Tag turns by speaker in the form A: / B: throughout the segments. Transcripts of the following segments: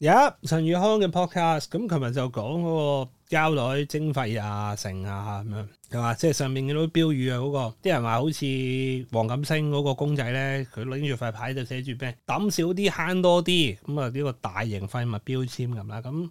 A: 有陳宇康嘅 podcast，咁琴日就講嗰個膠袋徵費啊、成啊咁樣，係嘛？即係上面嗰啲標語啊，嗰個啲人話好似黃錦星嗰個公仔咧，佢拎住塊牌就寫住咩抌少啲慳多啲，咁啊呢個大型廢物標籤咁啦咁。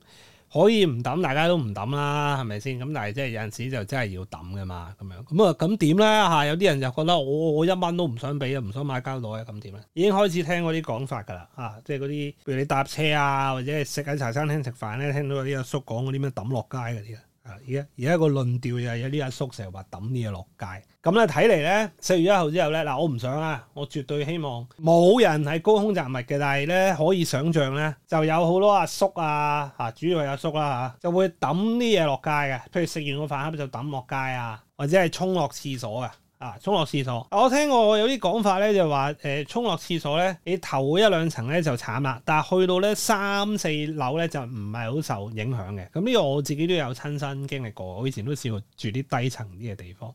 A: 可以唔抌，大家都唔抌啦，係咪先？咁但係即係有陣時就真係要抌嘅嘛，咁樣咁啊，咁點咧？吓，有啲人就覺得我我一蚊都唔想俾啊，唔想買膠袋啊，咁點咧？已經開始聽嗰啲講法噶啦，吓、啊，即係嗰啲，譬如你搭車啊，或者食緊茶餐廳食飯咧，聽到啲阿叔講嗰啲咩抌落街嗰啲啊。而家而家個論調就係有啲阿叔成日話抌啲嘢落街，咁咧睇嚟咧四月一號之後咧，嗱我唔想啊，我絕對希望冇人喺高空擲物嘅，但係咧可以想像咧就有好多阿叔啊嚇，主要係阿叔啦、啊、嚇，就會抌啲嘢落街嘅，譬如食完個飯盒就抌落街啊，或者係沖落廁所嘅。啊，沖落廁所，我聽過有啲講法咧，就話誒沖落廁所咧，你頭一兩層咧就慘啦，但係去到咧三四樓咧就唔係好受影響嘅。咁呢個我自己都有親身經歷過，我以前都試過住啲低層啲嘅地方。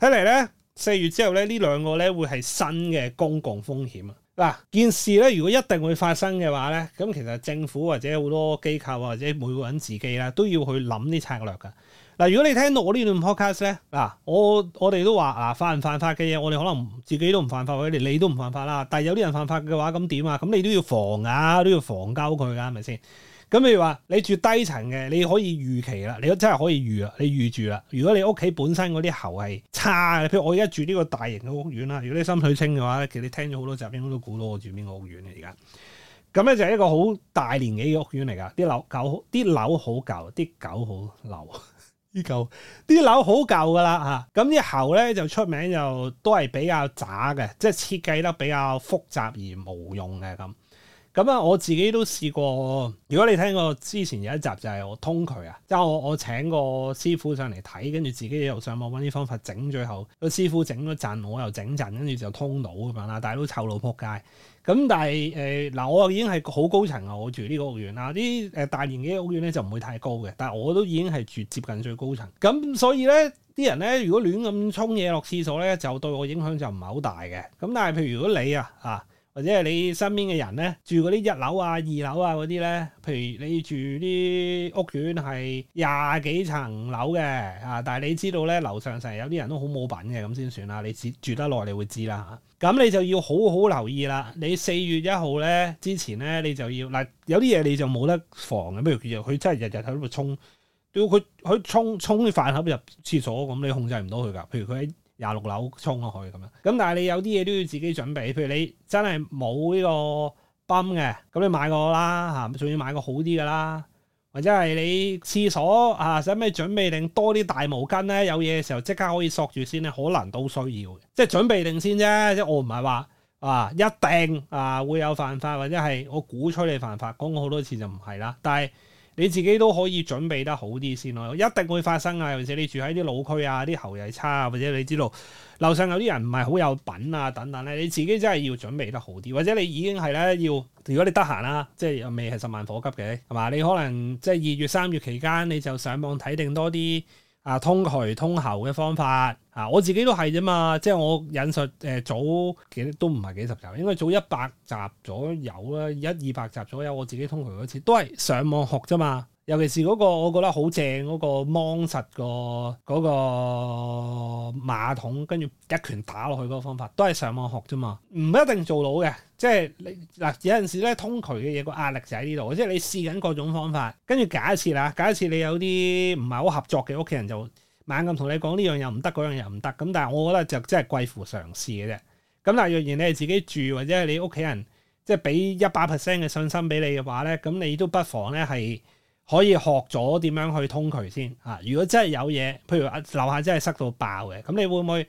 A: 睇嚟咧，四月之後咧，呢兩個咧會係新嘅公共風險啊！嗱，件事咧如果一定會發生嘅話咧，咁其實政府或者好多機構或者每個人自己啦，都要去諗啲策略㗎。嗱，如果你聽到我呢段 podcast 咧、啊，嗱，我我哋都話嗱、啊，犯唔犯法嘅嘢，我哋可能自己都唔犯法，或者你都唔犯法啦。但係有啲人犯法嘅話，咁點啊？咁你都要防噶、啊，都要防交佢噶，係咪先？咁譬如話，你住低層嘅，你可以預期啦。你都真係可以預啊，你預住啦。如果你屋企本身嗰啲喉係差嘅，譬如我而家住呢個大型嘅屋苑啦。如果你心水清嘅話咧，其實你聽咗好多集應該都估到我住邊個屋苑嘅而家。咁咧就係一個好大年紀嘅屋苑嚟噶，啲樓啲樓好舊，啲狗好老。呢、這個這個、舊啲樓好舊噶啦吓，咁、嗯、啲喉咧就出名就都係比較渣嘅，即係設計得比較複雜而無用嘅咁。咁啊，我自己都試過。如果你聽過之前有一集就係、是、我通渠啊，即係我我請個師傅上嚟睇，跟住自己又上網搵啲方法整，最後個師傅整咗陣，我又整陣，跟住就通到咁樣啦，但係都臭到撲街。咁但係誒嗱，我啊已經係好高層啊，我住呢個屋苑啦，啲誒大年紀嘅屋苑咧就唔會太高嘅，但係我都已經係住接近最高層，咁所以咧啲人咧如果亂咁沖嘢落廁所咧，就對我影響就唔係好大嘅。咁但係譬如如果你啊嚇。或者係你身邊嘅人咧，住嗰啲一樓啊、二樓啊嗰啲咧，譬如你住啲屋苑係廿幾層樓嘅，啊，但係你知道咧，樓上成日有啲人都好冇品嘅，咁先算啦。你住得耐，你會知啦嚇。咁、啊、你就要好好留意啦。你四月一號咧之前咧，你就要嗱、啊，有啲嘢你就冇得防嘅，譬如佢佢真係日日喺度沖，屌佢佢沖沖啲飯盒入廁所，咁你控制唔到佢㗎。譬如佢喺。廿六樓沖落去咁樣，咁但係你有啲嘢都要自己準備，譬如你真係冇呢個泵嘅，咁你買個啦嚇，仲要買個好啲嘅啦，或者係你廁所啊使咩準備定多啲大毛巾咧？有嘢嘅時候即刻可以索住先咧，可能都需要嘅，即係準備定先啫。即係我唔係話啊一定啊會有犯法，或者係我鼓吹你犯法，講過好多次就唔係啦，但係。你自己都可以準備得好啲先咯，一定會發生啊！尤其是或者你住喺啲老區啊，啲喉又差，啊，或者你知道樓上有啲人唔係好有品啊，等等咧，你自己真係要準備得好啲，或者你已經係咧要，如果你得閒啦，即係未係十萬火急嘅，係嘛？你可能即係二月三月期間你就上網睇定多啲。啊，通渠通喉嘅方法啊，我自己都係啫嘛，即係我引述誒、呃、早幾都唔係幾十集，應該早一百集左右啦，一二百集左右，我自己通渠嗰次都係上網學啫嘛。尤其是嗰個，我覺得好正嗰個芒實個嗰個馬桶，跟住一拳打落去嗰個方法，都係上網學啫嘛，唔一定做到嘅。即係你嗱有陣時咧，通渠嘅嘢個壓力就喺呢度，即係你試緊各種方法，跟住假設啦，假設你有啲唔係好合作嘅屋企人就慢慢，就猛咁同你講呢樣又唔得，嗰樣又唔得。咁但係我覺得就真係貴乎嘗試嘅啫。咁但係若然你係自己住，或者你屋企人即係俾一百 percent 嘅信心俾你嘅話咧，咁你都不妨咧係。可以學咗點樣去通渠先嚇，啊？如果真係有嘢，譬如啊樓下真係塞到爆嘅，咁你會唔會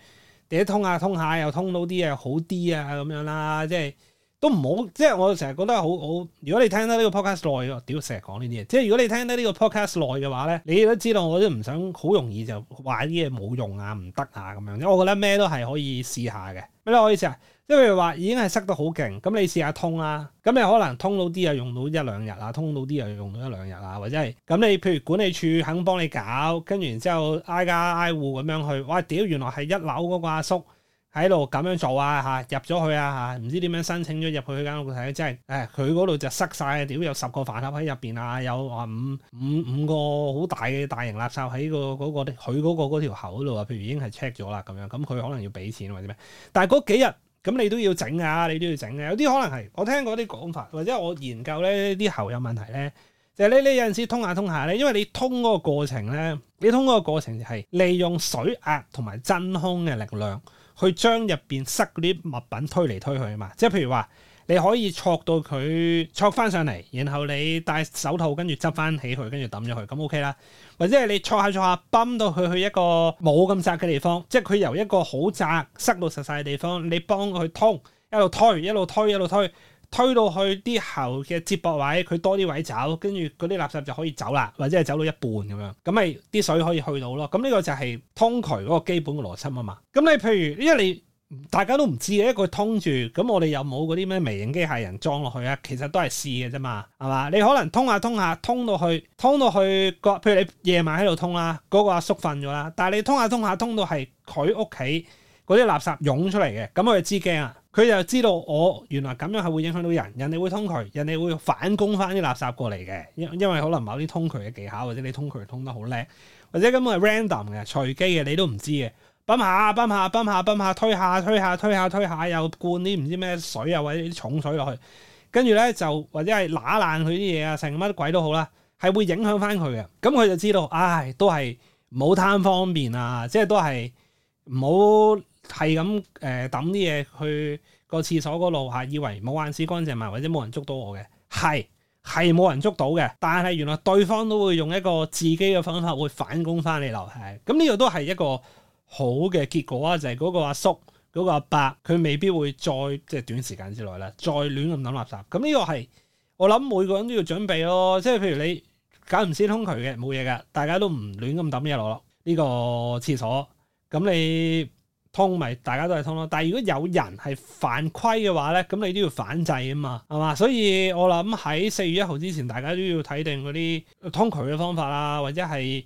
A: 啲通一下通下又通到啲嘢好啲啊？咁樣啦，啊，即係都唔好，即係我成日覺得好好。如果你聽得呢個 podcast 耐，我屌成日講呢啲嘢。即係如果你聽得呢個 podcast 耐嘅話咧，你都知道我都唔想好容易就話啲嘢冇用啊，唔得啊咁樣。因為我覺得咩都係可以試下嘅。咩咧？可以試下？即係譬如話已經係塞得好勁，咁你試下通啦，咁你可能通到啲啊用到一兩日啊，通到啲啊用到一兩日啊，或者係咁你譬如管理處肯幫你搞，跟住然之後挨家挨戶咁樣去，哇屌原來係一樓嗰個阿叔喺度咁樣做啊吓，入咗去啊吓，唔知點樣申請咗入去間屋睇，真係誒佢嗰度就塞晒，屌有十個飯盒喺入邊啊，有話五五五個好大嘅大型垃圾喺個嗰個佢嗰個嗰條口度啊，譬如已經係 check 咗啦咁樣，咁佢可能要俾錢或者咩？但係嗰幾日。咁你都要整啊！你都要整嘅，有啲可能係我聽嗰啲講法，或者我研究咧啲喉有問題咧，就係你你有陣時通下通下咧，因為你通嗰個過程咧，你通嗰個過程就係利用水壓同埋真空嘅力量去將入邊塞嗰啲物品推嚟推去啊嘛，即係譬如話。你可以戳到佢戳翻上嚟，然後你戴手套跟住執翻起佢，跟住抌咗佢，咁 OK 啦。或者係你戳下戳下，泵到佢去一個冇咁窄嘅地方，即係佢由一個好窄塞到實晒嘅地方，你幫佢通，一路推一路推一路推，推到去啲喉嘅接駁位，佢多啲位走，跟住嗰啲垃圾就可以走啦，或者係走到一半咁樣，咁咪啲水可以去到咯。咁呢個就係通渠嗰個基本嘅邏輯啊嘛。咁你譬如，因為你。大家都唔知嘅，一個通住，咁我哋有冇嗰啲咩微型機械人裝落去啊？其實都係試嘅啫嘛，係嘛？你可能通下通下通到去，通到去個，譬如你夜晚喺度通啦，嗰、那個阿叔瞓咗啦，但係你通下通下通到係佢屋企嗰啲垃圾湧出嚟嘅，咁佢就知驚啊！佢就知道我原來咁樣係會影響到人，人哋會通渠，人哋會，會反攻翻啲垃圾過嚟嘅，因因為可能某啲通渠嘅技巧或者你通渠通得好叻，或者根本係 random 嘅隨機嘅，你都唔知嘅。崩下，崩下，崩下，崩下，推下，推下，推下，推下，又灌啲唔知咩水啊，或者啲重水落去，跟住咧就或者係打爛佢啲嘢啊，成乜鬼都好啦，係會影響翻佢嘅。咁佢就知道，唉、哎，都係冇貪方便啊，即係都係唔好係咁誒抌啲嘢去個廁所嗰度吓，以為冇眼屎乾淨埋，或者冇人捉到我嘅，係係冇人捉到嘅。但係原來對方都會用一個自己嘅方法，會反攻翻你樓下。咁呢個都係一個。好嘅結果啊，就係嗰個阿叔、嗰個阿伯，佢未必會再即係短時間之內咧，再亂咁抌垃圾。咁呢個係我諗每個人都要準備咯，即係譬如你搞唔先通渠嘅冇嘢噶，大家都唔亂咁抌嘢落落呢個廁所。咁你通咪大家都係通咯。但係如果有人係犯規嘅話咧，咁你都要反制啊嘛，係嘛？所以我諗喺四月一號之前，大家都要睇定嗰啲通渠嘅方法啊，或者係。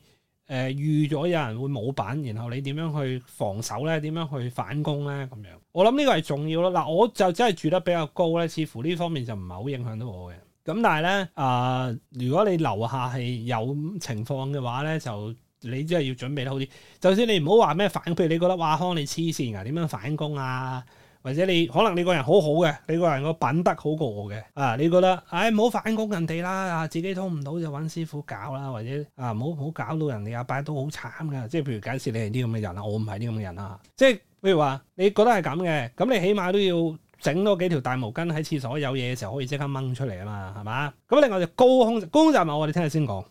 A: 誒預咗有人會冇品，然後你點樣去防守咧？點樣去反攻咧？咁樣我諗呢個係重要咯。嗱，我就真係住得比較高咧，似乎呢方面就唔係好影響到我嘅。咁但係咧，啊、呃，如果你樓下係有情況嘅話咧，就你真係要準備得好啲。就算你唔好話咩反，譬如你覺得哇，康你黐線呀，點樣反攻啊？或者你可能你個人好好嘅，你個人個品德好過我嘅，啊，你覺得，唉、哎，唔好反攻人哋啦，啊，自己通唔到就揾師傅搞啦，或者啊，唔好唔好搞到人哋阿伯都好慘噶。即係譬如假設你係啲咁嘅人啦，我唔係啲咁嘅人啊。即係譬如話你覺得係咁嘅，咁你起碼都要整多幾條大毛巾喺廁所有嘢嘅時候可以即刻掹出嚟啊嘛，係嘛？咁另外就高空高空擲物我哋聽日先講。